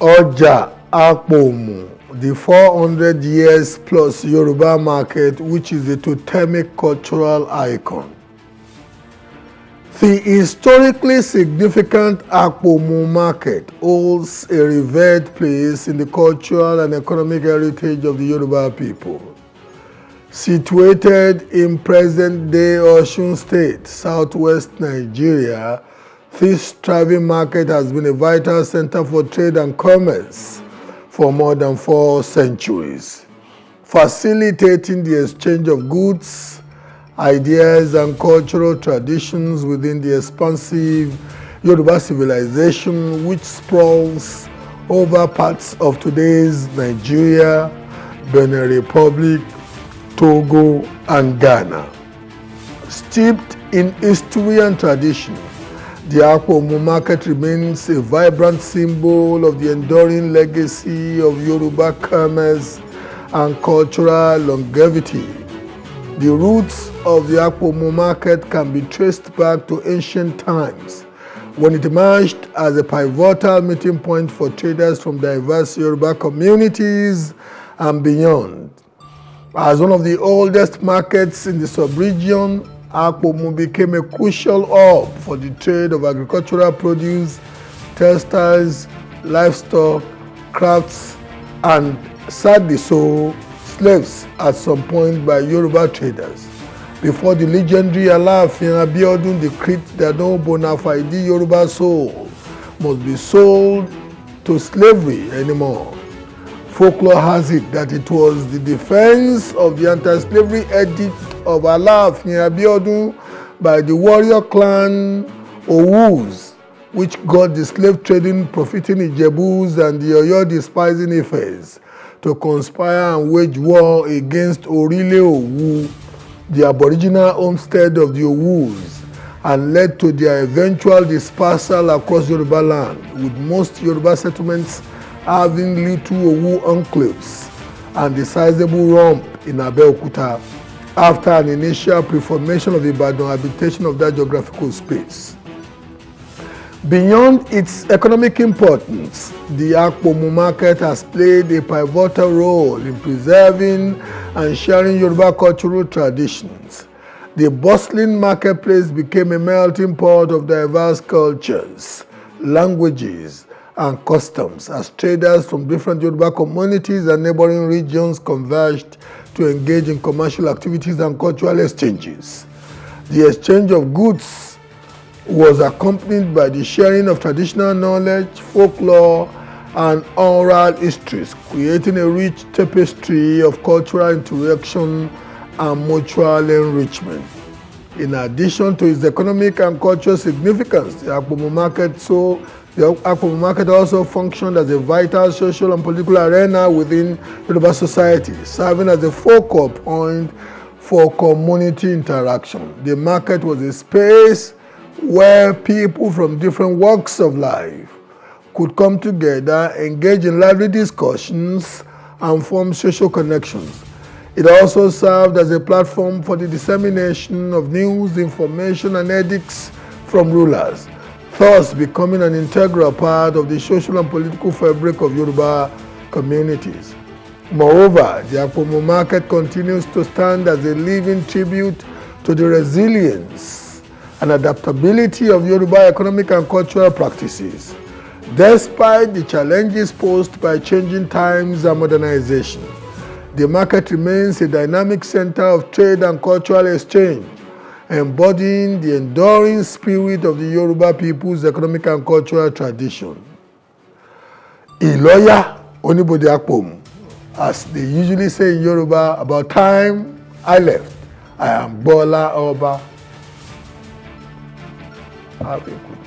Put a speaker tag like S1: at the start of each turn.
S1: Ọjà Àpòmù, the 400 years plus Yoruba market, which is a totemic cultural icon. The historically significant Apomu market holds a revered place in the cultural and economic heritage of the Yoruba people. Situated in present-day Osun State, southwest Nigeria, This thriving market has been a vital center for trade and commerce for more than four centuries, facilitating the exchange of goods, ideas, and cultural traditions within the expansive Yoruba civilization which sprawls over parts of today's Nigeria, Benin Republic, Togo, and Ghana. Steeped in history and tradition, the Akpomu market remains a vibrant symbol of the enduring legacy of Yoruba commerce and cultural longevity. The roots of the Akpomu market can be traced back to ancient times when it emerged as a pivotal meeting point for traders from diverse Yoruba communities and beyond. As one of the oldest markets in the sub-region, Akpomu became a crucial hub for the trade of agricultural produce, textiles, livestock, crafts, and sadly so, slaves at some point by Yoruba traders. Before the legendary Alaafin Abiodun decreed that no bona fide Yoruba soul must be sold to slavery anymore. Folklore has it that it was the defense of the anti-slavery edict of Alaafin Abiodun by the warrior clan Owus, which got the slave trading profiting Ijebus and the Oyo despising Ifes to conspire and wage war against Orile Owu, the aboriginal homestead of the Owus, and led to their eventual dispersal across Yoruba land, with most Yoruba settlements having little Owu enclaves and a sizable rump in Abeokuta. after an initial preformation of Ibadan habitation of that geographical space. Beyond its economic importance, the Akpomu market has played a pivotal role in preserving and sharing Yoruba cultural traditions. The bustling marketplace became a melting pot of diverse cultures, languages, and customs as traders from different Yoruba communities and neighboring regions converged to engage in commercial activities and cultural exchanges. The exchange of goods was accompanied by the sharing of traditional knowledge, folklore, and oral histories, creating a rich tapestry of cultural interaction and mutual enrichment. In addition to its economic and cultural significance, the Akpomo market saw The market also functioned as a vital social and political arena within Yoruba society, serving as a focal point for community interaction. The market was a space where people from different walks of life could come together, engage in lively discussions, and form social connections. It also served as a platform for the dissemination of news, information, and edicts from rulers thus becoming an integral part of the social and political fabric of Yoruba communities. Moreover, the Apomo market continues to stand as a living tribute to the resilience and adaptability of Yoruba economic and cultural practices, despite the challenges posed by changing times and modernization. The market remains a dynamic center of trade and cultural exchange, embodying the enduring spirit of the Yoruba people's economic and cultural tradition. Iloya Onibode Apomu, as they usually say in Yoruba, about time I left, I am Bola Oba. Have a good